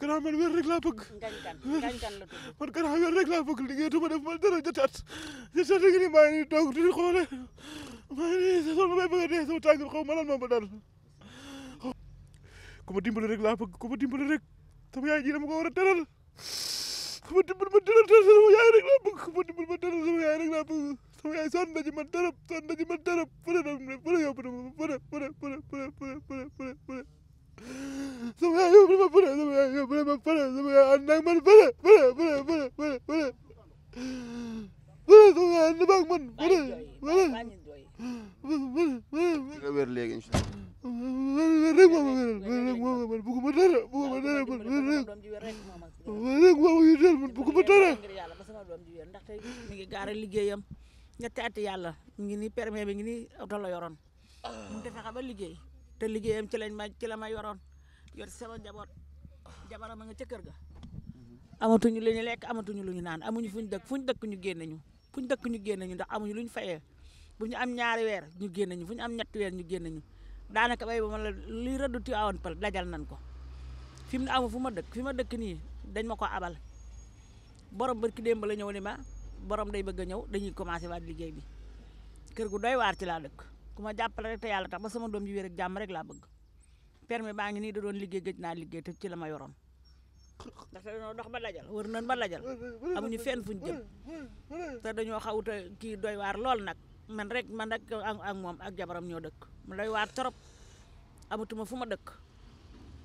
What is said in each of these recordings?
gannaaw man wér rek laa bëgg. ngañkan ngañkan la tudd. man gannaaw wér rek laa bëgg liggéey tu ma def man dara jëtaat jëtaat gi nii maa ngi nii toog di xoole maa ngi nii sama may bëgg a dee sama tàngoor xaw ma lan moo ma dal. ku ma dimbali rek laa bëgg ku ma dimbali rek sama yaay ji dama ko war a teral ku ma dimbali ma yaay rek laa bëgg ku ma dimbali ma teral sama yaay rek laa bëgg sama yaay sonn na ci man dërëb sonn ma fële Som jag gjorde på det, som jag gjorde mig på det, som jag använde mig på det, på det, på det, på det, på det, på det. På det, som jag använde mig på det, på det, på det. Dina wér léegi man bëgguma dara bëgguma dara man rek man bëgguma yàlla ba sama doom ji wér ndax tey mi ngi gaara liggéeyam ñetti at yàlla mi ngi ni permis bi ngi ni oto la yoroon liggéey te liggéeyam ci lañ ma ci la ma yoroon yor sama njaboot jabaram a nga ca kër ga mm-hmm. amatuñu lu ñu lekk amatuñu lu ñu naan amuñu fuñ dëkk fuñ dëkk ñu génne ñu fuñ dëkk ñu génne ñu ndax amuñu lu ñu fayee bu ñu am ñaari weer ñu génne fu ñu am ñetti weer ñu génne ñu daanaka bay ba ti awoon pal dajal nan ko fi mu ne amu fu ma dëkk fi ma dëkk nii dañ ma ko abale borom barki démb la ñëw ni ma borom day bëgg a ñëw dañuy commencé waat liggéey bi kër gu doy waar ci laa dëkk ku ma jàppale rek te yàlla tax ba sama doom ji wér ak jàmm rek laa bëgg permis baa ngi nii da doon liggéey gëj naa liggéey te la ma yoroon ndax dañoo dox ba dajal wër nañ ba dajal amuñu fenn fuñ jëm te dañoo xawuta kii doy waar lool nag man rek man rek ak moom ak jabaram ñoo dëkk mu doy waar trop amatuma fu ma dëkk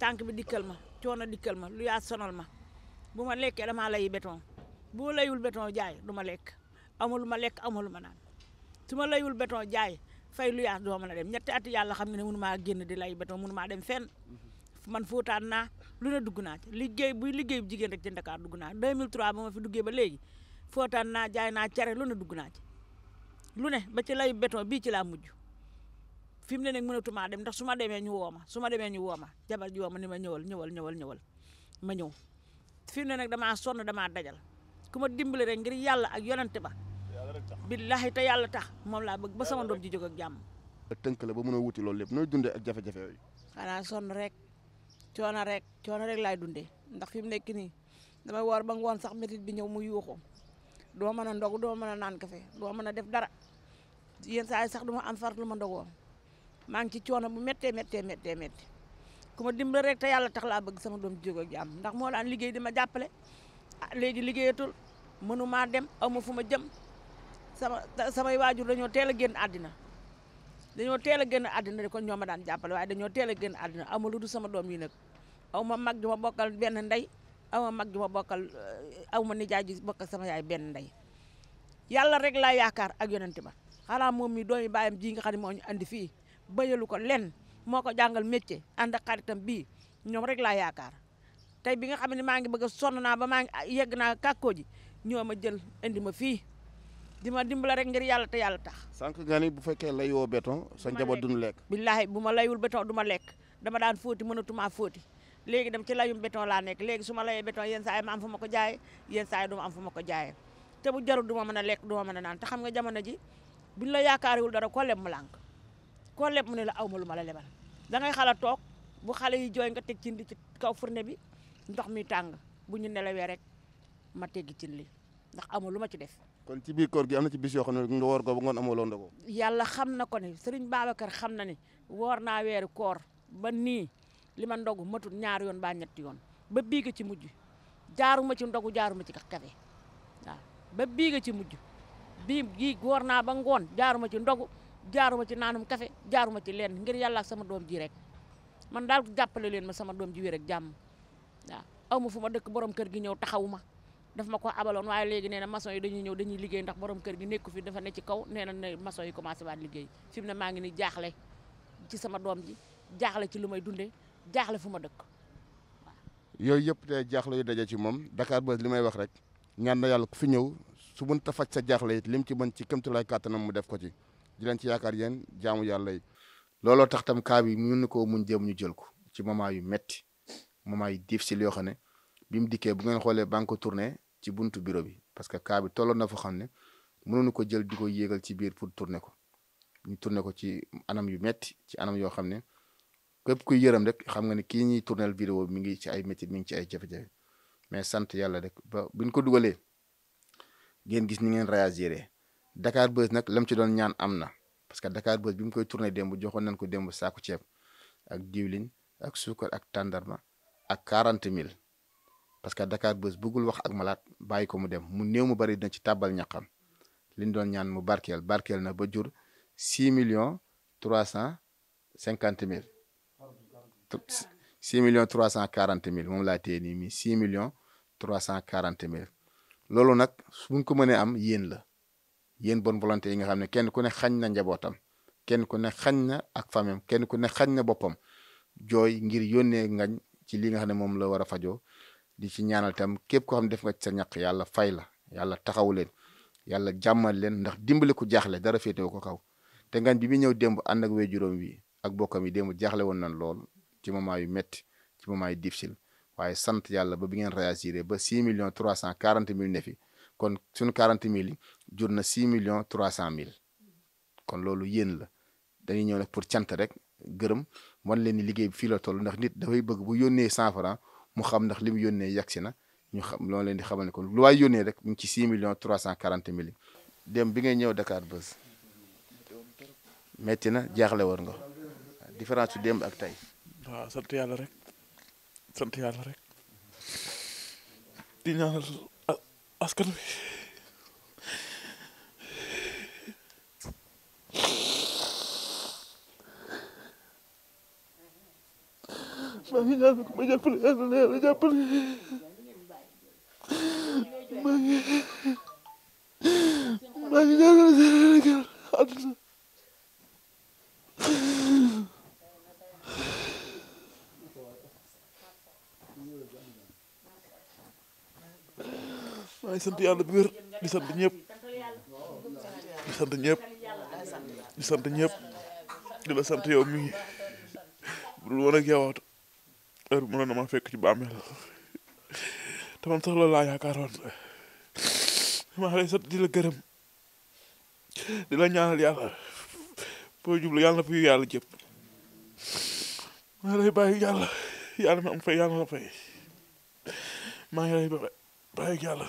tànk bi dikkal ma coono dikkal ma lu yaa sonal ma bu ma lekkee damaa lay béton bu ma layul béton jaay du ma lekk amul ma lekk amul ma naan su fay lu yaas doo mën a dem ñetti at yàlla xam nga ne mënu ma génn di lay béton mënu maa dem fenn mhm. man fóotaan naa lu dugg naa ci liggéey buy bu jigéen rek ci dugg naa 2003 ba ma fi duggee ba léegi fóotaan naa jaay naa cere lu ne dugg naa ci lu ne ba ci lay béton bii ci laa mujj fi mu ne nag mënatumaa dem ndax su ma demee ñu woo ma su ma demee ñu woo ma jabar ji woo ma ni ma ñëwal ñëwal ñëwal ñëwal ma ñëw fi mu ne nag dama sonn damaa dajal ku ma dimbali rek ngir yàlla ak yonante ba billaahi te yàlla tax moom laa bëgg ba sama doom ji jóg ak jàmm. tënk la ba mën a wuti loolu lépp nooy dundee ak jafe-jafe sonn rek coono rek coono rek laay dundee ndax fi mu nekk nii damay woor ba ngoon sax métit bi ñëw mu yuuxu doo mën a ndog doo mën a naan kafe doo mën a def dara yenn saa yi sax duma am far lu ma maa ngi ci coono bu méttee méttee méttee méttee ku ma dimbale rek te yàlla tax laa bëgg sama doom jóg ak ndax moo daan liggéey di ma jàppale ah, léegi liggéeyatul mënu maa dem ma fu ma jëm sama sama waajur dañoo teel a génn àddina dañoo teel a génn àddina kon ñoo ma daan jàppale dañoo teel a génn àddina aw ma lu du sama doom yi nag aw ma mag ju ma bokkal benn ndey aw ma mag ju ma bokkal aw ma nijaay ji bokkal sama yaay benn ndey yàlla rek laa yaakaar ak yonente ba xanaa moom mi doomi baayam jii nga xam ne moo ñu andi fii bayalu ko lenn moo ko jàngal métier ànd ak xaritam ñoom rek laa yaakaar tey bi nga xam ne maa ngi bëgg sonn naa ba maa ngi yegg naa kàkkoo ji ñoom a jël indi ma fii di ma dimbala rek ngir yàlla te yàlla tax sànq nga ni bu fekkee layoo béton sa njaboot duñu lekk billaahi bu ma layul béton du ma lekk dama daan fóoti mënatumaa fóoti léegi dem ci layum béton laa nekk léegi suma layee béton yenn saa yi ma am fu ma ko jaayee yenn saa yi du ma am fu ma ko jaayee te bu jarul du ma mën a lekk du ma mën a naan te xam nga jamono ji buñ la yaakaariwul dara koo leb mu lànk koo leb mu ne la awma lu ma la lebal da ngay xala toog bu xale yi jooy nga teg cin li ci kaw fourne bi ndox mi tàng bu ñu nelawee rek ma teggi cin li ndax amul lu ma ci def kon ci biir koor gi am na ci bis yoo xam ne nga woor ko ba ngoon amaloo ndogu. yàlla xam na ko ne Serigne Babacar xam na ne woor naa weeru koor ba nii li ma ndogu matul ñaar yoon baa ñetti yoon ba bii ci mujj jaaruma ci ndogu jaaruma ci kafe waaw ba bii ci mujj bii gii woor naa ba ngoon jaaruma ci ndogu jaaruma ci naanum kafe jaaruma ci lenn ngir yàlla sama doom jii rek man daal jàppale leen ma sama doom ji wér ak jàmm aw ma fu ma dëkk borom kër gi ñëw taxawu ma daf ma ko abaloon waaye léegi nee na maçon yi dañuy ñëw dañuy liggéey ndax borom kër gi nekku fi dafa ne ci kaw nee na ne maçon yi commencé waat liggéey fi mu ne ni jaaxle ci sama doom ji ci lu may dundee jaaxle fu ma dëkk yooyu yëpp te jaaxle yu daje ci moom Dakar Buzz li may wax rek ñaan na yàlla ku fi ñëw su mënta faj sa jaaxle it lim ci mën ci këmtulaay kàttanam mu def ko ci di leen ci yaakaar yéen jaamu yàlla yi. looloo tax tam kaa bi mun na koo mun jéem ñu jël ko ci moment yu metti moment yu difficile yoo xam ne bi mu dikkee bu ngeen xoolee ba nga ci buntu bureau bi parce que cas bi tolloon na fa xam ne mënuñu ko jël di ko yéegal ci biir pour tourner ko ñu tourner ko ci anam yu metti ci anam yoo xam ne képp kuy yërëm rek xam nga ne kii ñuy tournel vidéo bi mi ngi ci ay métti mi ngi ci ay jafe mais sant yàlla rek ba buñ ko dugalee ngeen gis ni ngeen réagir Dakar Buzz nag lam ci doon ñaan am na parce que Dakar Buzz bi mu koy tourné démb joxoon nañ ko démb saaku ceeb ak diwlin ak suukar ak tàndarma ak quarante mille parce que Dakar Buzz bëggul wax ak malaat bàyyi ko mu dem mu néew mu bari dina ci tàbbal ñaqam liñ doon ñaan mu barkeel barkeel na ba jur six million trois cent cinquante mille six million trois cent quarante mille moom laa téye nii mi six millions trois cent quarante mille loolu nag buñ ko mënee am yéen la yéen bonne volonté yi nga xam ne kenn ku ne xañ na njabootam kenn ku ne xañ na ak famem kenn ku ne xañ na boppam jooy ngir yónnee ngañ ci li nga xam ne moom la war a fajoo di ci ñaanal tam képp koo xam def nga ci sa ñaq yàlla fay la yàlla taxaw leen yàlla jàmmal leen ndax dimbale ku jaaxle dara féetewu ko kaw te ngañ bi muy ñëw demb ànd ak wéy juróom wi ak bokkam yi démb jaaxle woon nañ lool ci moment yu métti ci moment yu difficile waaye sant yàlla ba bi ngeen réagir ba 6 millions 340 mille ne fi kon suñu 40 mille yi jur na 6 millions 300 mille kon loolu yéen la dañuy ñëw nag pour cant rek gërëm wan leen ni liggéey bi fii la toll ndax nit dafay bëgg bu yónnee 100 francs mu xam ndax li mu yónnee yegsi na ñu xam loo leen di xamal ne kon lu waay yónnee rek mu ngi ci 6 millions 340 mille dem bi ngay ñëw Dakar Buzz metti na jaaxle woon nga différence su démb ak tey. waaw sant maa ngi ñaan ko ma jàppale yàlla na yàlla jàppale maa ngi maa ngi ñaanal Sénégal àdduna maa ngi sant yàlla bu wér di sant ñëpp di sant ñëpp di sant ñëpp di la sant yow mi ngi bu dul woon ak yow heure bi mënoon na ma fekk ci bàmmeel te man loolu laa yaakaaroon maa lay di la gërëm di la ñaanal yàlla boo jublu yàlla na fi yàlla jëpp maa lay bàyyi yàlla yàlla na am fay yàlla na fay maa ngi lay bàyyi yàlla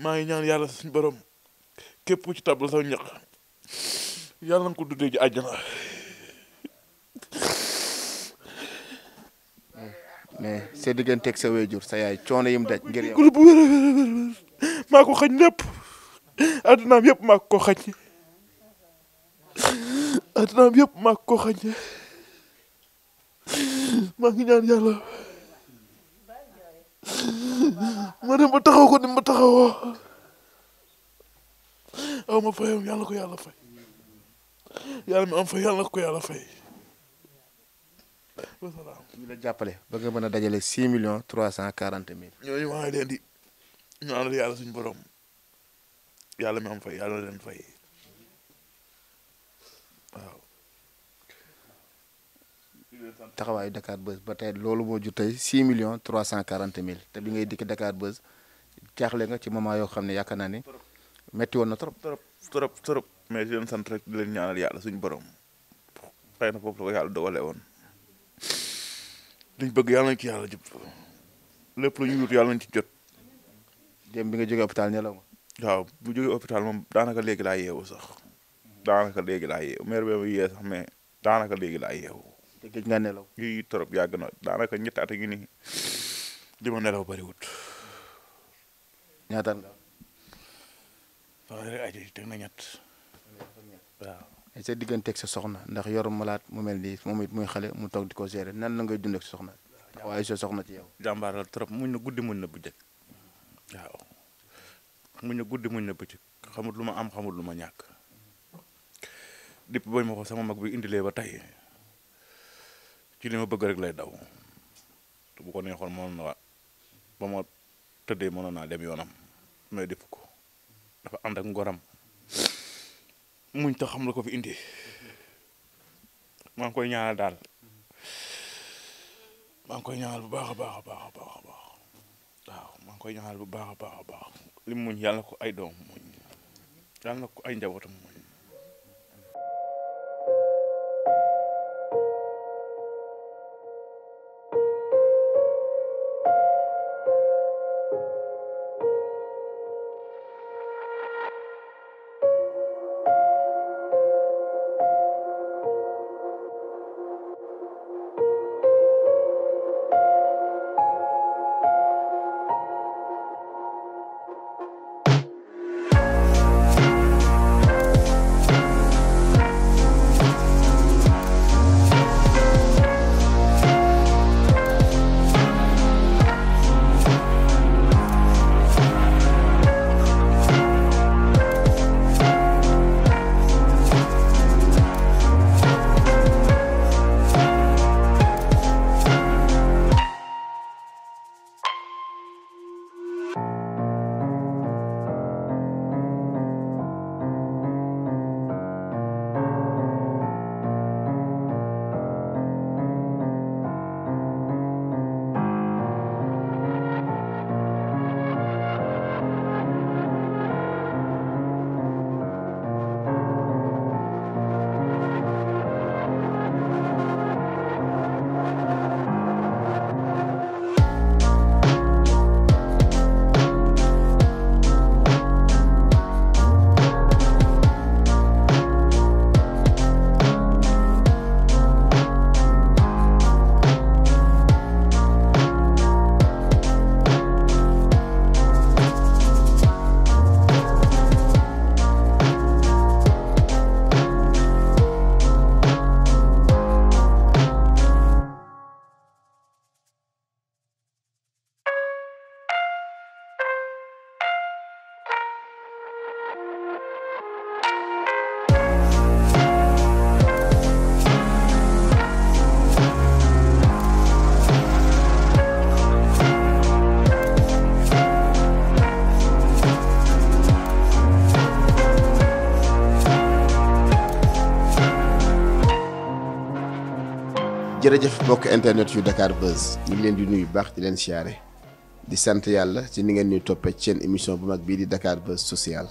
maa ngi ñaan yàlla suñu borom képp ku ci tabal sa mais sa digganteeg sa waajur sa yaay coono yim daj ngir yow. bu wér a wér a wér maa ko xañ lépp addunaam yëpp maa ko xañ yëpp maa ko xañ maa ngi ñaan yàlla ma dem ba taxaw ko ni ma taxawoo aw ma fayam yàlla ko yàlla fay yàlla mi am fay yàlla ko yàlla fay. la jàppale ba mën a dajale six millions trois cent quarante mille. ñooñu maa ngi yàlla suñu borom yàlla mi am fay yàlla leen fay waaw. taxawaayu Dakar Buzz ba tey loolu moo jur tey six million trois cent quarante mille te bi ngay dikk Dakar Buzz jaaxle nga ci moment yoo xam ne yaakaar naa ni metti woon na trop. trop trop trop mais di leen sant rek di leen yàlla suñu borom xëy na foofu la ko yàlla dogalee woon. liñ bëgg yàlla nañ ci yàlla wut yàlla nañ ci jot. dem bi nga jógee hôpital nelaw ma. waaw moom daanaka léegi laa yeewu sax daanaka léegi laa daanaka léegi laa yeewu. te gëj nga yàgg na daanaka ñetti gi nii waaw. sa digganteeg sa soxna ndax yor malaat mu mel nii moom it muy xale mu toog di ko gérer nan na ngay dund ak sa soxna waaye sa soxna ci yow. jàmbaar la trop muñ na guddi muñ na bëccëg waaw muñ na guddi muñ na bëccëg xamul lu ma am xamul lu ma ñàkk depuis bañ ma sama mag bi indilee ba tey ci li bëgg rek lay daw te bu ko neexoon mënoon na ba ma tëddee mënoon naa dem yoonam mais def ko dafa ànd ak ngoram. muñ ta xam la ko fi indi maa ngi koy ñaanal daal maa ngi koy ñaanal bu baax a baax a baax a baax waaw maa ngi koy ñaanal bu baax a baax a baax li muñ yàlla na ko ay doom muñ yàlla na ko ay njabootam muñ jërëjëf mbokk internet yu dakaar Buzz ñu ngi leen di nuy nuyu baax di leen siyaare di sant yàlla ci ni ngeen ñuy toppee seen émission bu mag bii di Dakar Buzz social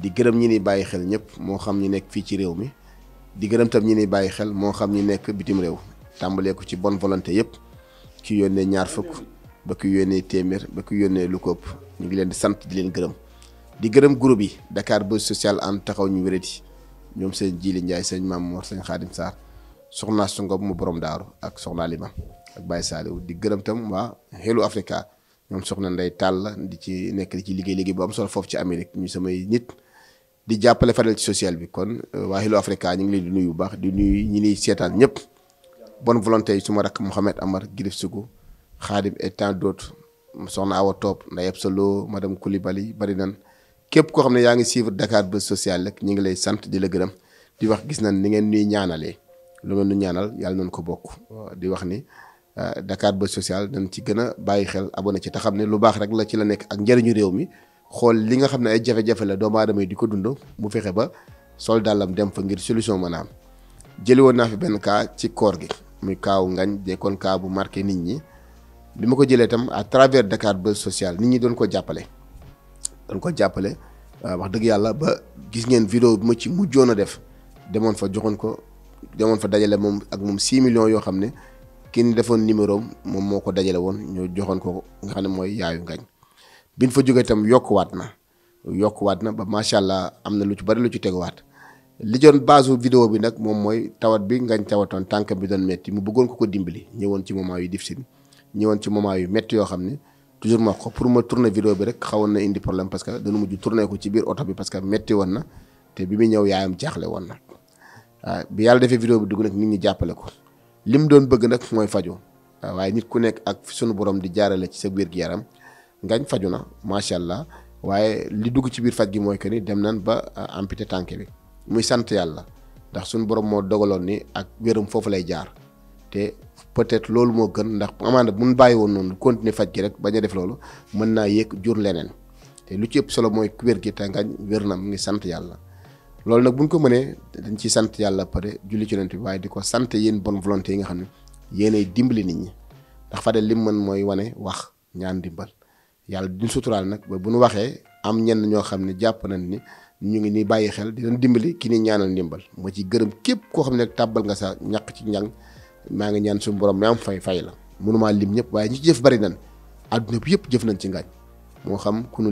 di gërëm ñi ni bàyyi xel ñëpp moo xam ñi nekk fii ci réew mi di gërëm tam ñi ni bàyyi xel moo xam ñi nekk bitim réew tàmbalee ko ci bon volonté yëpp ki yónnee ñaar fukk ba ki yónnee téeméer ba ki yónnee lu ko ëpp ñu ngi leen di sant di leen gërëm di gërëm group yi Dakar Buzz social ànd taxaw ñu wérati ñoom seen Jili Ndiaye seen Maam Mor seen Xaadim soxna su Ngom mu borom daaru ak soxna Lima ak Baye Saliou di gërëm tam waa xelu Africa ñoom soxna Ndeye Tall di ci nekk li ci liggéey liggéey bu am solo foofu ci Amérique ñu samay nit di jàppale Fadel ci social bi kon euh, waa Hello Africa ñu ngi leen di nuy bu baax di nuy ñi niy seetaan ñëpp bon volonté yi suma rakk Mouhamed Amar Girif Sougou Khadim et tant d'autres soxna Awa Top Ndeye Absa Lo madame Coulibaly bari nan képp koo xam ne yaa ngi suivre Dakar Buzz social rek ñu ngi lay sant di la gërëm di wax gis nañ ni ngeen nuy ñaanalee lu mel ñaanal yàlla nañu ko bokk di wax ni euh, Dakar Buzz Social dañ ci gën a bàyyi xel a ci te xam ne lu baax rek la ci la nekk ak njëriñu réew mi xool li nga xam ne ay jafe-jafe la doomu aadama yi di ko dund mu fexe ba sol dàllam dem fa ngir solution ma a am jëli woon naa fi benn cas ci koor gi muy kaaw ngañ dekkoon kaa bu marqué nit ñi bi ma ko jëlee itam à travers Dakar Buzz Social nit ñi doon ko jàppale doon ko jàppale euh, wax dëgg yàlla ba gis ngeen vidéo ma ci mujjoon a def demoon fa joxoon ko demoon fa dajale moom ak moom 6 millions yoo xam ne ki ni defoon numéro moom moo ko dajale woon ñoo joxoon ko nga xam ne mooy yaayu ngañ biñ fa jógee tam yokkuwaat na yokkuwaat na ba macha allah am na lu ci bari lu ci teguwaat li doon base vidéo bi nag moom mooy tawat bi ngañ tawatoon tànk bi doon metti mu bëggoon ko ko dimbali ñëwoon ci moment yu difficile ñëwoon ci moment yu metti yoo xam ne toujours ma ko pour ma tourner vidéo bi rek xawoon na indi problème parce que dañu mujj tourner ko ci biir bi parce que metti woon na te bi muy ñëw yaayam jaaxle woon na. waaw bi yàlla defee vidéo bi dugg nag nit ñi jàppale ko li mu doon bëgg nag mooy faju waaye nit ku nekk ak suñu borom di jaarale ci sa wér-gu-yaram ngañ faju na macha allah waaye li dugg ci biir faj gi mooy que ni dem nan ba euh, amputé tànk bi muy sant yàlla ndax suñu borom moo dogaloon ni ak wéram foofu lay jaar te peut-être loolu moo gën ndax amaana bu mun bàyyi woon noonu continuer faj gi rek bañ a def loolu mën naa yéeg jur leneen te lu ci ëpp solo mooy wér gi te ngañ wér na mu ngi sant yàlla. loolu nag bu buñ ko mënee dañ ci sant yàlla pare julli ci yonent bi waaye di ko sant yéen bon volonté yi nga xam ne yéenay dimbali nit ñi ndax Fadel li mu man mooy wane wax ñaan dimbal yàlla duñ suturaal nag ba bu ñu waxee am ñenn ñoo xam ne jàpp nañ ni ñu ngi ni bàyyi xel di leen dimbali ki ni ñaanal ndimbal moo ci gërëm képp koo xam ne tàbbal nga sa ñaq ci ñang maa ngi ñaan suñu borom mi am fay fay la mënumaa lim ñëpp waaye ñu jëf bari nañ àdduna bi yëpp jëf nañ ci ngaaj moo xam ku nu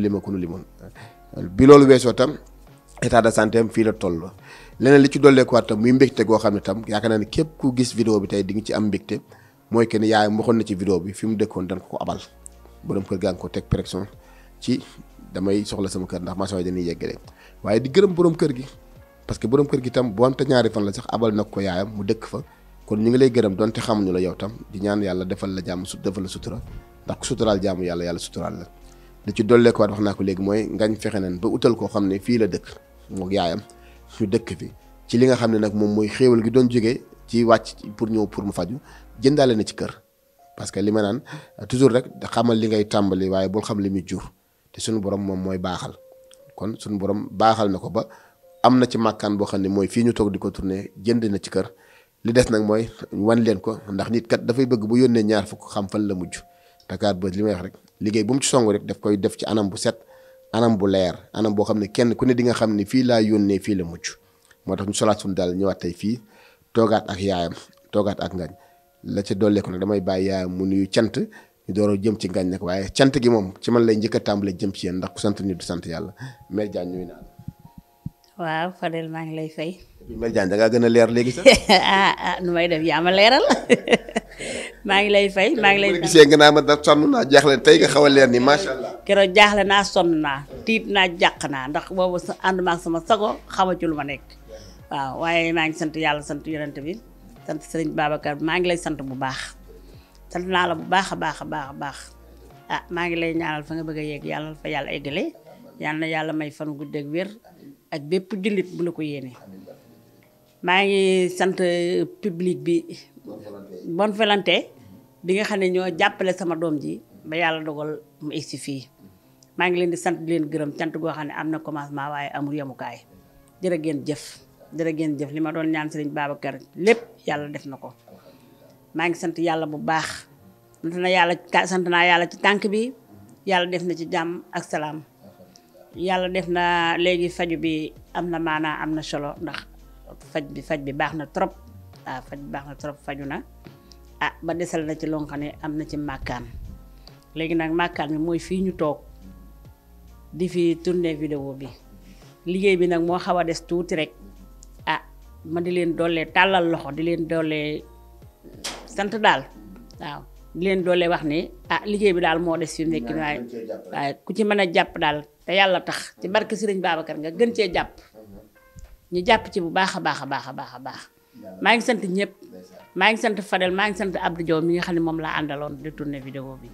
état de santé fii la toll leneen li ci dolleekuwaat tam muy goo xam ne tam yaakaar naa képp ku gis vidéo bi tey di nga ci am mbégte mooy que ni yaayam waxoon na ci vidéo bi fi mu dëkkoon dañ ko ko abal borom kër gaa ngi ko teg pression ci damay soxla kër ndax maçon yi dañuy yeggale waaye di gërëm borom kër gi parce que borom kër gi tam bu wante fan la sax abal nag ko yaayam mu dëkk fa kon ñu ngi lay gërëm donte xamuñu la yow tam di ñaan yàlla defal la jàmm su defal la sutura ndax ku suturaal yàlla yàlla suturaal la li ci dolleekuwaat wax naa ko léegi mooy ngañ fexe nan ba utal koo xam ne fii la dëkk mook yaayam ñu dëkk fi ci li nga xam ne nag moom mooy xéewal gi doon jógee ci wàcc pour ñëw pour mu faju jëndaale na ci kër parce que li ma naan toujours rek xamal li ngay tàmbali waaye bul xam li muy jur te suñu borom moom mooy baaxal kon sunu borom baaxal na ko ba am na ci màkkaan boo xam ne mooy fii ñu toog di ko tourné jënd na ci kër li des nag mooy wan leen ko ndax nit kat dafay bëgg bu yónnee ñaar fukk xam fan la mujj Dakar Buzz li may wax rek liggéey bu mu ci song rek daf koy def ci anam bu set anam bu leer anam boo xam ne kenn ku ne di nga xam ne fii laa yónnee fii la mucc moo tax ñu solaat suñu daal ñëwaat tey fii toogaat ak yaayam toogaat ak ngañ la ca dolleeku nag damay bàyyi yaayam mu nuyu cant ñu door a jëm ci ngañ waaye cant gi moom ci man lay njëkk a tàmbalee jëm ci yéen ndax ku sant nit sant yàlla Mère Diagne ñuy naan. waaw ngi lay fay. Mère Diagne da gën a leer léegi sax. ah ah nu may ngi lay fay maa ngi lay. gisee nga naa ma da sonn naa jaaxle tey nga xaw a leer ni macha keroog jaaxle naa sonn naa tiit naa jàq naa ndax boobu sa ak sama sago xama ci lu ma nekk waaw waaye maa ngi sant yàlla sant yonent bi sant sëriñ Babacar maa ngi lay sant bu baax sant naa bu baax a baax a baax a baax ah maa ngi lay ñaanal fa nga bëgg a yegg yàlla fa yàlla eggale yàlla na yàlla may fan guddeeg wér ak bépp jullit bu la ko yéene maa ngi sant euh, public bi bon volonté bi nga xam ne ñoo jàppale sama doom ji ba yàlla dogal mu si fii maa ngi leen di sant leen gërëm cant goo xam ne am na commencement waaye amul yemukaay jërë ngeen jëf jërë ngeen jëf li ma doon ñaan Serigne Babacar lépp yàlla def na ko maa ngi sant yàlla bu baax sant na yàlla sant naa yàlla ci tànk bi yàlla def na ci jàmm ak salaam yàlla def naa léegi faju bi am na maanaa am na solo ndax faj bi faj bi baax na trop waaw ah, faj bi baax na trop faju na ah ba desal na ci loo am na ci màkkaan léegi nag màkkaan bi mooy fii ñu toog di fi tourner vidéo bi liggéey bi nag moo xaw a des tuuti rek ah ma di leen doole tàllal loxo di leen doole sant daal waaw di leen doole wax ni ah liggéey bi daal moo des fi mu nekk waaye waaye ku ci mën a jàpp daal te yàlla tax ci barke Sëriñ Babacar nga gën cee jàpp ñu jàpp ci bu baax a baax a baax a baax maa ngi sant ñëpp maa ngi sant Fadel maa ngi sant Abdou joom mi nga xam ne moom laa àndaloon di tourner vidéo bi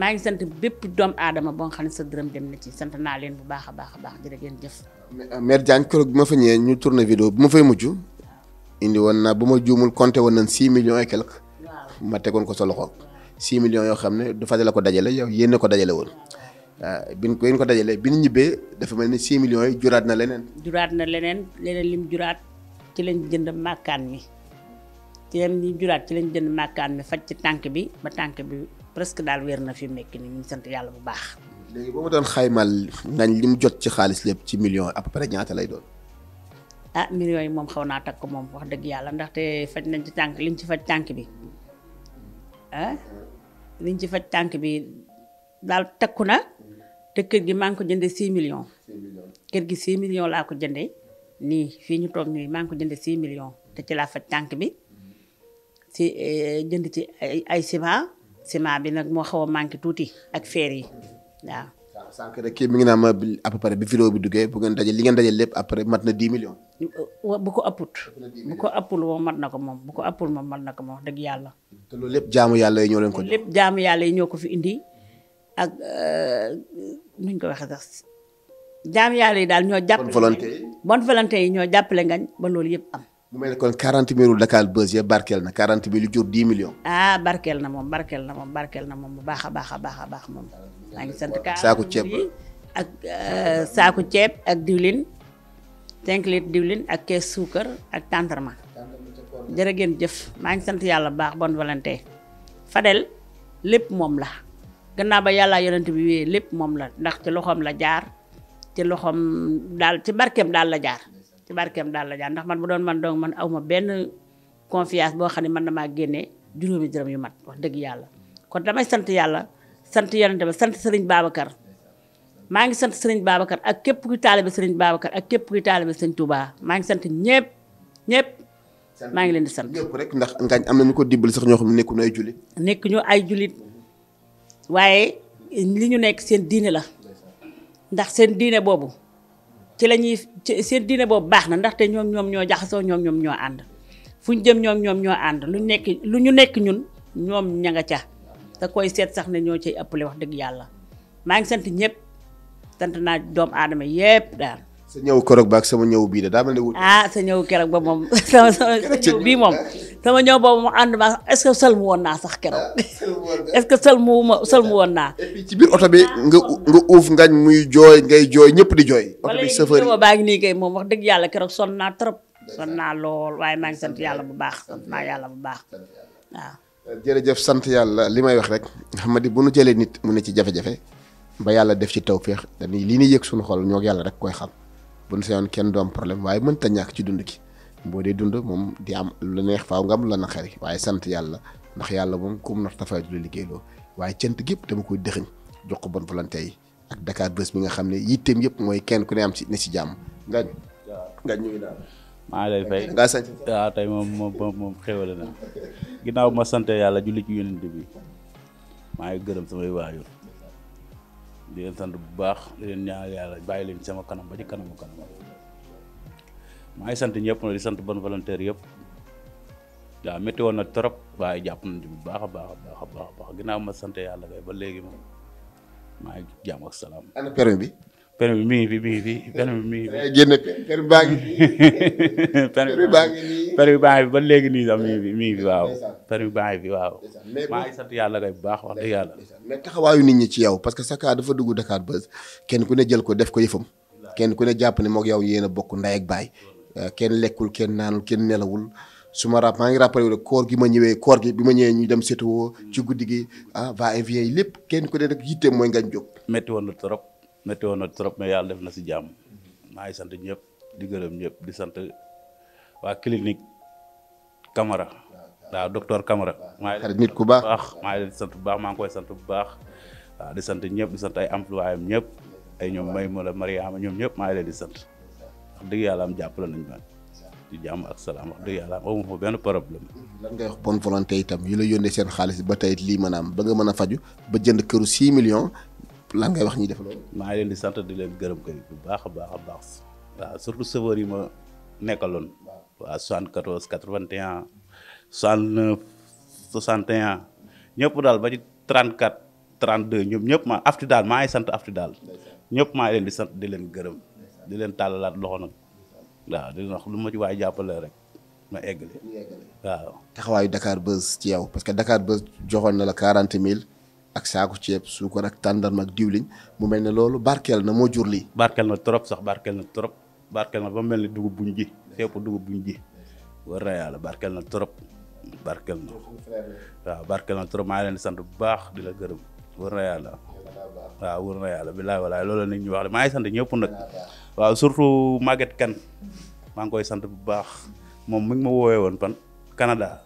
maa ngi sant bépp doom aadama boo xam ne sa dërëm dem na ci sant naa leen bu baax a baax a baax jërë ngeen jëf. Euh, mère ma ñu tourné vidéo bi ma fay mujj indi woon naa bu ma juumul compté woon nañ six millions et quelque. ma tegoon ko sa loxo. six millions yoo xam ne du fàtte la ko dajale yow yéen ko dajale woon. Euh, bi ñu ko yéen ko dajalee bi ñu ñibbee dafa mel ni sii millions yi juraat na leneen. juraat na leneen leneen lim juraat ci lañ jënd màkkaan mi ci lim juraat ci lañ jënd màkkaan mi faj ci tànk bi ba tànk bi. presque daal weer na fi mu ni ñu ngi sant yàlla bu baax. léegi boo ma doon xaymal nañ li mu jot ci xaalis lépp ci million à peu près ñaata lay doon. ah million yi moom xaw naa takk moom wax dëgg yàlla ndaxte faj nañ ci tànk liñ ci faj tànk bi ah liñ ci faj tànk bi daal takku na te kër gi maa ko jëndee 6 millions. kër gi 6 laa ko jëndee nii fii ñu toog nii maa ngi ko jëndee 6 millions te ci laa faj tànk bi si eh, jënd ci ay ay ciment bi nag moo xaw a manqué tuuti ak fer yi waaw. waaw sànq rek kii mi ngi naan ma à peu près bi vidéo bi duggee bu li ngeen daje lépp après mat na 10 millions. bu ko ëpput. bu ko ëppul moom mat na ko moom bu ko ëppul moom mat na ko moom dëgg yàlla. te loolu lépp jaamu yàlla yi ñoo ko. lépp jaamu yàlla yi ñoo ko fi indi ak euh, nuñ ko waxee sax jaamu yàlla yi daal ñoo. jàppale bonne volonté yi yi ñoo jàppale ngañ ba loolu yëpp am. mu mel ne kon 40 mille Dakar Buzz ya barkeel na 40 mille lu jur 10 millions. ah barkeel na moom barkeel na moom barkeel na moom bu baax a baax a baax a baax moom. maa ngi sant ka saako ceeb ak euh, saako ceeb ak diwlin 5 litres diwlin ak kees suukar ak tandarma. jërë ngeen jëf maa ngi sant yàlla bu baax bon volonté. Fadel lépp moom la gannaaw ba yàlla yonent bi wéyee lépp moom la ndax ci loxoom la jaar ci loxoom daal ci barkeem daal la jaar. ci barkeem daal la jaar ndax man bu doon man donc man aw ma benn confiance boo xam ne mën na maa génnee juróomi dërëm yu mat wax dëgg yàlla kon damay sant yàlla sant yonente ba sant Serigne Babacar maa ngi sant Serigne Babacar ak képp kuy taalibe Serigne Babacar ak képp kuy taalibe Serigne Touba maa ngi sant ñëpp ñëpp maa ngi leen di sant ñëpp rek ndax ngaañ am na ñu ko dimbali sax ñoo xam ne nekkuñu ay jullit nekkuñu ay jullit waaye li ñu nekk seen diine la ndax seen diine boobu ci la ñuy seen diine boobu baax na ndaxte ñoom ñoom ñoo jaxasoo ñoom ñoom ñoo ànd fu ñu jëm ñoom ñoom ñoo ànd lu nekk lu ñu nekk ñun ñoom ña nga ca te koy seet sax ne ñoo cay ëppale wax dëgg yàlla maa ngi sant ñëpp sant naa doom aadama yépp daal sa ñëw keroog ba ak sama ñëw bii de daa mel ne wut. ah sa ñëw keroog ba moom sama ñëw bii moom ah. sama ñëw boobu mu ànd ma est-ce que sax ah, est-ce que sël mu ma sël mu naa. ci biir oto bi nga nga uuf ngañ muy jooy ngay jooy ñëpp di jooy. oto bi chauffeur yi ngi nii kay moom wax dëgg yàlla keroog sonn naa trop. sonn naa lool waaye maa ngi sant yàlla bu baax sant naa yàlla bu baax jërëjëf sant yàlla li may wax rek xam di bu nu jëlee nit mu ne ci jafe-jafe ba yàlla def ci tawféex dañuy li ñuy yëg sunu xol ñoo yàlla rek koy xam bu ñu seyoon kenn du am problème waaye mënta ñàkk ci dund ki boo dee dund moom di am lu neex faaw nga am la naqari waaye sant yàlla ndax yàlla moom kum nax dafay du liggéey loo waaye cant gépp dama koy dëxëñ jox ko bonne volonté yi ak bés bi nga xam ne yitteem yëpp mooy ku ne am ci ne si jàmm. nga nga ñu ngi daal. maa ngi lay ah, tey moom moom moom xéwale na ginnaaw ma sant yàlla julli ci yonent maa ngi gërëm samay waajur di sant bu baax di leen ñaan yàlla bàyyi leen sama kanam ba ci kanamu kanam maa ngi sant ñëpp na di sant bonne volontaire yëpp waaw métti woon na trop waaye jàpp nañu bu baax a baax a baax a baax a baax ginnaaw ma sant yàlla ba léegi moom maa ngi ak salaam. ana bi. permis bi mi ngi fi mi ngi fi permis bi mi ngi permis baa ngi bi ba léegi nii sax mi ngi fi mi ngi fi waaw. permis baa ngi fi waaw. maa ngi sant yàlla kay bu baax wax dëgg yàlla. mais taxawaayu nit ñi ci yow parce que sa cas dugg Dakar Buzz kenn ku ne jël ko def ko yëfam kenn ku ne jàpp ne yow yéen a bokk ndey ak baay euh, kenn lekkul kenn naanul kenn nelawul. su ma rap ngi rappelé wu koor gi ma ñëwee koor gi bi ñëwee ñu dem sétuwoo ci guddi gi ah va et lépp kenn ku ne rek yitte mooy ngañ jóg. métti na trop métti na trop mais yàlla na si jàmm maa ngi sant ñëpp di gërëm ñëpp di sant waa clinique Camara waaw docteur Camara. maa xarit nit ku baax maa ngi leen di sant bu baax maa ngi koy sant bu baax. waaw di sant ñëpp di sant ay employé am ñëpp ay ñoom Maymuna Mariama ñoom ñëpp maa ngi leen di sant wax dëgg yàlla am nañ ma di ak salaam wax dëgg yàlla amu fa benn problème. lan ngay wax bonne volonté itam yu la yónnee seen xaalis ba tey lii mën am ba nga mën a faju ba jënd këru 6 million lan ngay wax ñi def loolu. maa ngi leen di sant di leen gërëm kër bu baax a baax a baax waaw yi ma nekkaloon. waa 74 81 69 61 ñëpp daal ba ci 34 32 ñoom ñëpp ma afti daal maa ngi sant afti daal ñëpp maa leen di sant di leen gërëm di leen tàllalaat loxo nag waaw di leen wax lu ma ci waay jàppale rek ma eggale waaw. taxawaayu Dakar Buzz ci yow parce que Dakar Buzz joxoon na la 40 mille ak saako ceeb suukar ak tàndarma ak diwlin mu mel ni loolu barkeel na moo jur lii. barkeel na trop sax barkeel na trop. barkel na ba mel ni dugub buñ ji fépp dugub buñ ji war na yàlla barkel na trop barkel na waaw barkel na trop maa leen sant bu baax di la gërëm war na yàlla waaw war na yàlla bilaay walaay loolu nit ñu wax de maa ngi sant ñëpp nag waaw surtout Maguette Kane maa ngi koy sant bu baax moom mi ngi ma woowee woon pan Canada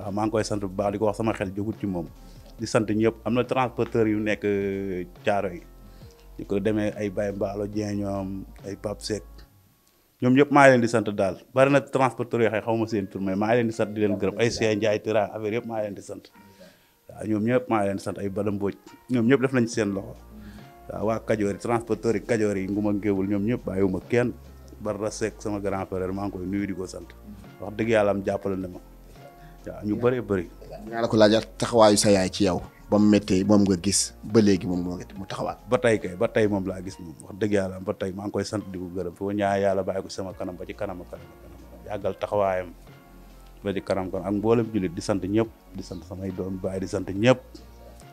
waaw maa ngi koy sant bu baax di ko wax sama xel jógut ci moom di sant ñëpp am na transporteur yu nekk caaro euh, yi ñu ko demee ay Baye Mbaalo Dieng ñoom ay Pape Seck ñoom ñëpp maa ngi leen di sant daal bari na transporteur yoo xam xaw ma seen tur mais maa ngi leen di sant di leen gërëm ay Seye Ndiaye Tira affaire yëpp maa ngi leen di sant waaw ñoom ñëpp maa ngi leen di sant ay Bada Mbodj ñoom ñëpp def nañ seen loxo waaw waa Kajoor yi transporteur yi Kajoor yi ma ngéewul ñoom ñëpp bàyyiwuma kenn Barra Seck sama grand frère maa ngi koy nuyu di ko sant wax dëgg yàlla am jàppale na ma waaw ñu bëree bëri. dinaa la ko laajaat taxawaayu sa yaay ci yow ba mu méttee moom nga gis ba léegi moom moo mu taxawaat. ba tey kay ba tey moom laa gis moom wax dëgg yàlla ba tey maa ngi koy sant di ko gërëm foo ñaa yàlla bàyyi ko sama kanam ba ci kanam kanam yàggal taxawaayam ba ci ak mboolem jullit di sant ñëpp di sant samay doom bàyyi di sant ñëpp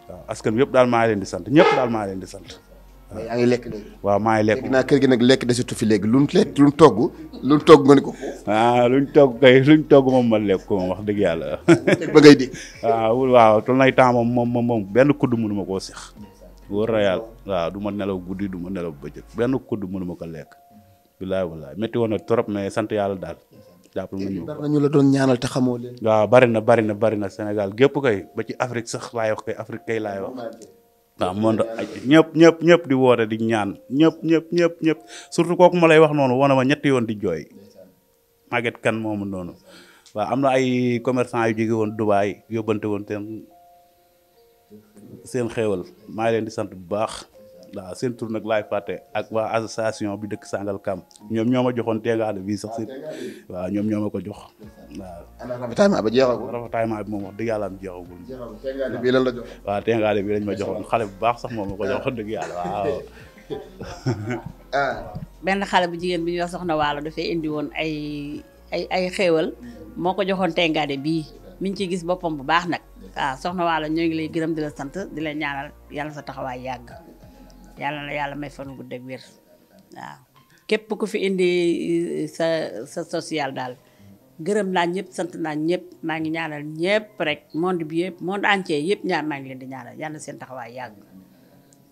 waaw askan bi yëpp daal maa leen di sant ñëpp daal maa leen di sant waaw yaa ngi lekk léegi. waaw maa ngi lekk naa kër gi nag lekk fi léegi luñ lekk luñ togg luñ togg nga ni ko. lu ah, luñ togg kay luñ moom man lekk ko wax dëgg yàlla. ba ngay dégg. Ah, waaw toll nay temps moom moom moom benn kudd mënuma koo sex. wóor waaw du ma nelaw guddi du ma nelaw bëccëg benn kudd mënuma ko lekk. bilaay wallaay métti woon trop mais sant yàlla daal. jàpp nañu bari nañu la doon ñaanal te xamoo leen. waaw bari na bari na bari na Sénégal gépp koy ba ci Afrique sax laay wax kay Afrique kay laay wax waaw monde ñëpp ñëpp ñëpp di woote di ñaan ñëpp ñëpp ñëpp ñëpp surtout kooku ma lay wax noonu wana ma ñetti yoon di jooy Maguette kan moomu noonu waa am na ay commerçant yu jóge woon Dubaay yóbbante woon seen seen xewal maa leen di sant bu baax waaw seen tur nag laay fàtte ak waa association bi dëkk Sangalkam ñoom ñoo ma joxoon teegaale bii sax si waaw ñoom ñoo ma ko jox waaw. rafetaaymaa bi jeexagul rafetaaymaa moom wax dëgg yàlla am jeexagul. teegaale bii lañ ma joxoon xale bu baax sax moom ma ko jox wax dëgg yàlla waaw. Ah. benn xale bu jigéen bi ñuy wax soxna waalo dafay indi woon ay ay ay xéewal moo ko joxoon tengaade bii mu ngi ciy gis boppam bu baax nag waaw soxna waalo ñoo ngi lay gërëm di la sant di la ñaanal yàlla sa taxawaay yàgg yàlla na yàlla may fan gudd ak wér waaw képp ku fi indi eh, sa social daal gërëm naa ñëpp sant naa ñëpp maa ngi ñaanal ñëpp rek monde bi yëpp monde entier yëpp ñaan maa ngi leen di ñaanal yàlla seen taxawaay yàgg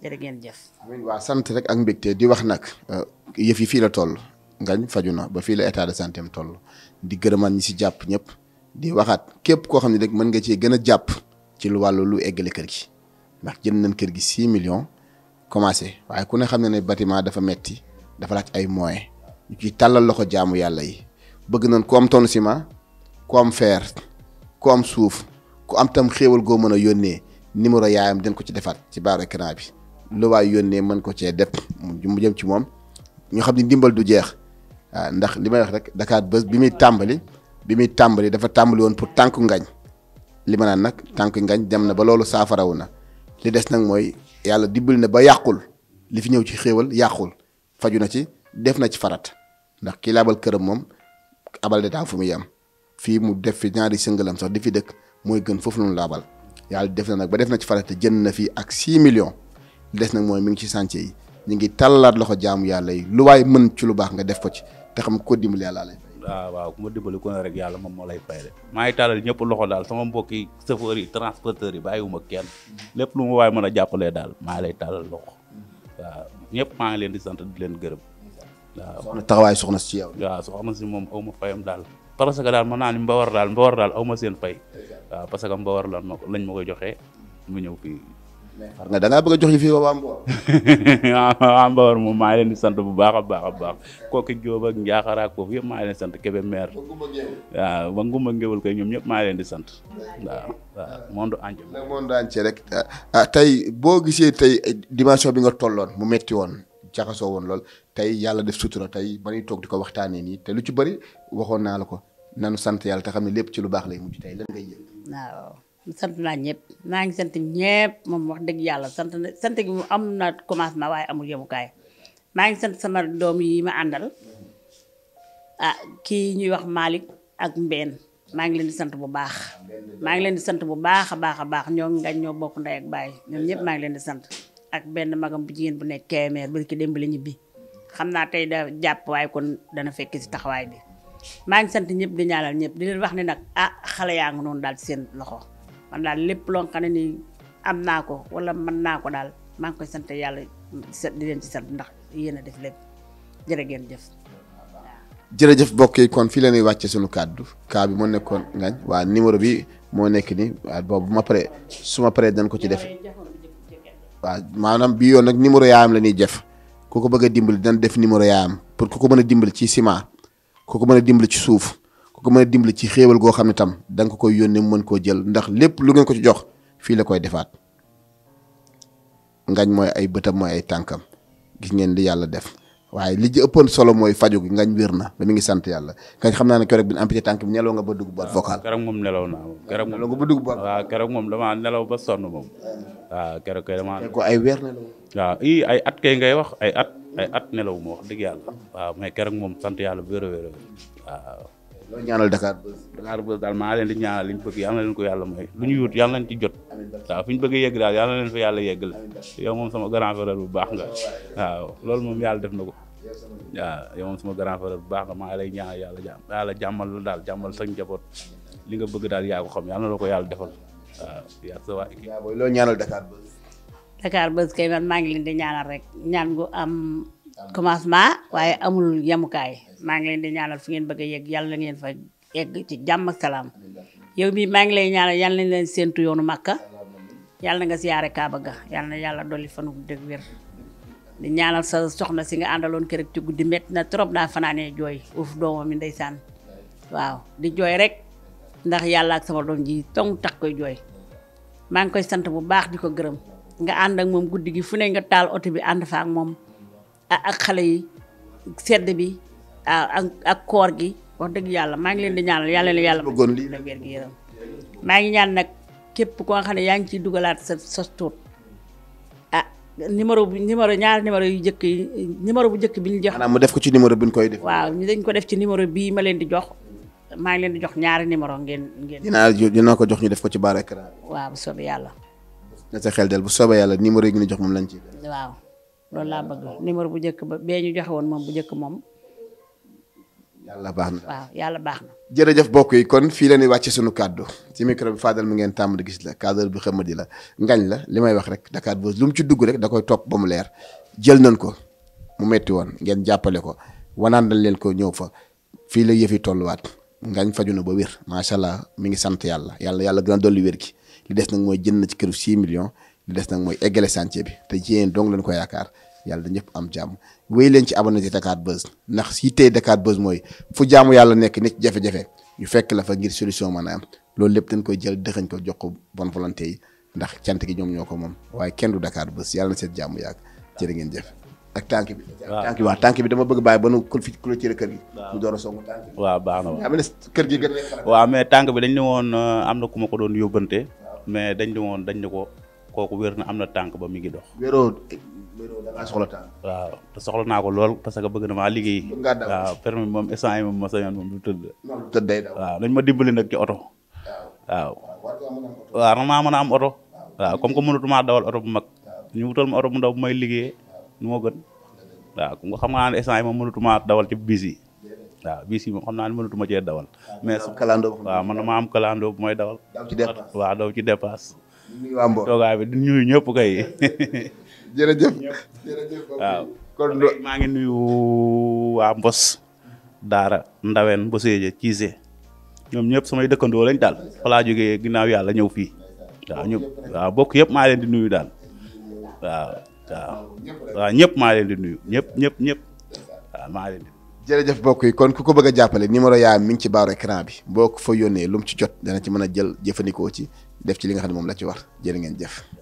jërë ngeen jëf. amiin sant rek ak mbégte di wax nag eh, yëf yi fii la toll ngañ faju na ba fii la état de santé am toll di gërëmaat ñi si jàpp ñëpp di waxaat képp koo xam ne rek mën nga ci gën a jàpp ci lu wàllu lu eggale kër gi ndax jënd nañ kër gi 6 millions. commencé waaye ku ne xam ne ne batiment dafa metti dafa laaj ay moyens ñu ciy tàllal loxo jaamu yàlla yi bëgg nañ ku am tonne ciment ku am fer ku am suuf ku am tam xéewal goo mën a yónnee numéro yaayam dañ ko ci defaat ci baaru écran bi lu waay yónnee mën ko cee def mu jëm ci moom ñu xam ni ndimbal du jeex waaw ah, ndax li may wax rek Dakar Buzz bi muy tàmbali bi muy tàmbali dafa tàmbali woon pour tànk ngañ li ma naan nag tànk ngañ dem na ba loolu saafarawu na li des nag mooy. yàlla dibbali na ba yàqul li fi ñëw ci xéewal yàqul faju na ci def na ci farat ndax ki laabal këram moom abal de taa fu muy am fii mu def fi ñaari sëngalam sax di fi dëkk mooy gën foofu noonu laabal yàlla def na nag ba def na ci farat jënd na fii ak 6 million des nag mooy mu ngi ci chantier yi ñu ngi tàllalaat loxo jaamu yàlla yi lu waaye mën ci lu baax nga def ko ci te xam ko dimbali yàlla lay ah waaw ku ma dimbali ku rek yàlla moom moo lay fay de maa ngi tàllal ñëpp loxo daal sama mbokki chauffeurs yi transporteurs yi bàyyiwuma kenn lépp lu ma waaye mën a jàppalee daal maa lay tàllal loxo waaw ñëpp maa ngi leen di sant di leen gërëm waaw soxna taxawaay soxna si yow. waaw soxna si moom aw ma fayam daal parce que daal mën naa ni mbawar daal mbawar daal aw ma seen fay waaw parce que mbawar daal ma ko lañ ma koy joxee mu ñëw fii mais xam nga da bëgg a jox yi fii waa Mbor. waa Mbor moom maa leen di sant bu baax a baax a baax kooku Jóob ak Njaaxara ak yëpp maa leen di sant Kébé maire. waaw ba Ngumba Ngéwul ñoom ñëpp maa leen di sant. waaw waaw monde entier. nag rek ah, ah tey boo gisee tey dimension bi nga tolloon mu metti woon. jaxasoo woon lool tey yàlla def sutura tey bari toog di ko waxtaanee nii te lu ci bëri waxoon naa la ko nanu sant yàlla te xam ne lépp ci lu baax lay mujj tey lan ngay yëg. sant naa ñëpp maa ngi sant ñëpp moom wax dëgg yàlla sant na sant gi mu am na commencement waaye amul yemukaay maa ngi sant sama doom yi ma àndal ah kii ñuy wax maalik ak mbenn maa ngi leen di sant bu baax maa ngi leen di sant bu baax a baax a baax ñoo ngañ ñoo bokk ndey baay ñoom ñëpp maa ngi leen di sant ak benn magam bu jigéen bu nekk ba bari ki dem bi la ñibbi xam naa tey da jàpp waaye kon dana fekk si taxawaay bi maa ngi sant ñëpp di ñaanal ñëpp di leen wax ne nag ah xale yaa ngi noonu daal ci seen loxo man daal lépp loo xam ne nii am naa ko wala man naa ko daal maa koy sante yàlla di leen ci sant ndax yéen a def lépp jërë ngeen jëf. jërëjëf mbokk yi kon fii la ñuy wàcce sunu kàddu kaa bi moo nekkoon ngañ waa numéro bi moo nekk nii waa boobu ma pare su ma paree dañ ko ci def waaw maanaam bii yoon nag numéro yaayam la ñuy jëf ku ko bëgg dimbali dan def numéro yaayam pour ku ko mën a dimbali ci ciment kooku mën a dimbali ci suuf. ku ko mën a dimbali ci xéewal goo xam ne tam danga nga koy yónnee mu mën koo jël ndax lépp lu ngeen ko ci jox fii la koy defaat ngañ mooy ay bëtam mooy ay tànkam gis ngeen di yàlla def waaye li ci ëppoon solo mooy faju gi ngañ wér na ba mu ngi sant yàlla ngañ xam naa ne keroog bi ñu tànk bi neloo nga ba dugg boîte vocale. moom nelaw naa moom. keroog ba dugg boîte. moom damaa nelaw ba sonn moom. waaw keroog kay damaa. ko ay weer nelaw. ay at ngay wax ay at ay dëgg yàlla. sant yàlla waaw. loolu ñaanal Dakar Buzz. Dakar Buzz daal maa leen di ñaanal li bëgg yàlla na leen ko yàlla may lu ñu yut yàlla nañ ci jot. waaw fi ñu bëgg a yegg daal yàlla na leen fa yàlla yegg la yow moom sama grand frère bu baax nga waaw loolu moom yàlla def na ko waaw yow moom sama grand frère bu baax nga maa lay ñaanal yàlla jàmm yàlla jàmmal la daal jàmmal sa njaboot li nga bëgg daal yaa ko xam yàlla na la ko yàlla defal waaw yaa sa waa équipe. loolu ñaanal Dakar Buzz. Dakar Buzz kay man maa ngi leen di ñaanal rek ñaan gu am. commencement waaye amul yemukaay maa ngi leen di ñaanal fu ngeen bëgg a yegg yàlla na ngeen fa yegg ci jàmm ak salaam yow mii maa ngi lay ñaanal yàlla nañ leen séentu yoonu màkka yàlla na nga siyaare kaaba ga yàlla na yàlla dolli fanu dëgg wér di ñaanal sa soxna si nga àndaloon kër ci guddi métti na trop daa fanaanee jooy uuf doomam mi ndeysaan waaw di jooy rek ndax yàlla ak sama doom ji tong tax koy jooy maa ngi koy sant bu baax di ko gërëm nga ànd ak moom guddi gi bi ànd fa ak moom ak xale yi sedd bi ak ak koor gi wax dëgg yàlla maa ngi leen di ñaanal yàlla na yàlla. bëggoon lii nag wér maa ngi ñaan nag képp koo xam ne yaa ngi ciy dugalaat sa sa tur ah numéro bi numéro ñaari numéro yu njëkk yi numéro bu njëkk bi ñu jox. maanaam mu def ko ci numéro bi ñu koy def. waaw ñu dañ ko def ci numéro bii ma leen di jox maa ngi leen di jox ñaari numéro ngeen ngeen. dinaa dinaa ko jox ñu def ko ci bar écran. waaw bu soobee yàlla. na sa xel del bu soobee yàlla numéro yi ñu jox moom ci. loolu laa bëgg numéro bu njëkk ba bee ñu joxe woon moom bu njëkk moom. yàlla baax na waaw yàlla baax na. jërëjëf mbokk yi kon fii la ñuy wàcce suñu kàddu ci micro bi Fadel mi ngeen tàmm di gis la cadre bi xamadi la ngañ la li may wax rek Dakar Buzz lu mu ci dugg rek da koy topp ba mu leer jël nañ ko mu metti woon ngeen jàppale ko wanaan dañ leen ko ñëw fa fii la yëf yi tolluwaat ngañ faju na ba wér macha allah mi ngi sant yàlla yàlla yàlla gën a dolli wér gi li des nag mooy jën na ci këru 6 million li des nag mooy eggale chantier bi te ci yéen dong lañ ko yaakaar yàlla da ñëpp am jàmm wéy leen ci abonné ci Dakar Buzz ndax si tey Dakar Buzz mooy fu jaamu yàlla nekk nit jafe-jafe ñu fekk la fa ngir solution mën a am loolu lépp dañ koy jël dëxañ ko jox ko bonne volonté yi ndax cant gi ñoom ñoo ko moom waaye kenn du Dakar Buzz yàlla na seet jàmm yàgg jërë ngeen jëf ak tànk bi tànk bi tànk bi dama bëgg bàyyi ba nu kul fi clôture kër gi ñu door a songu tànk bi kër gi gën waaw mais tànk bi dañ ne woon euh, am na ku ma ko doon yóbbante mais dañ ne woon ko kooku wér na am na tànk ba mi ngi dox. wéroo wéroo waaw te soxla naa ko lool parce que bëgg na maa liggéey. waaw permis moom instant yi moom ma sañoon moom du tëdd. du tëdd day daw waaw nañ oto. waaw waaw war maa am oto. comme que mënatumaa dawal oto bu mag. ñu bu ndaw bu may liggéeyee. nu moo gën waaw ku nga xam naa instant yi moom mënatumaa dawal ci moom xam naa ne mënatuma cee dawal. mais su kalandoo dawal. waaw daw ci dépasse. waa bi di nuyu ñëpp kay. jërëjëf maa ngi nuyu waa Mbos. Daara Ndawen Mboseeje Ciise ñoom ñëpp samay dëkkandoo lañ daal falaa jógee ginnaaw yàlla ñëw fii waaw ñu waaw bokk yëpp maa leen di nuyu daal waaw waaw waaw maa leen di nuyu ñëpp ñëpp ñëpp waaw maa leen di jërëjëf mbokk yi kon ku ko bëgg a jàppale numéro yaa mi ngi ci baaru écran bi boo ko fa yónnee lu mu ci jot dana ci mën a jël jëfandikoo ci def ci li nga xam ne moom la ci war jërë ngeen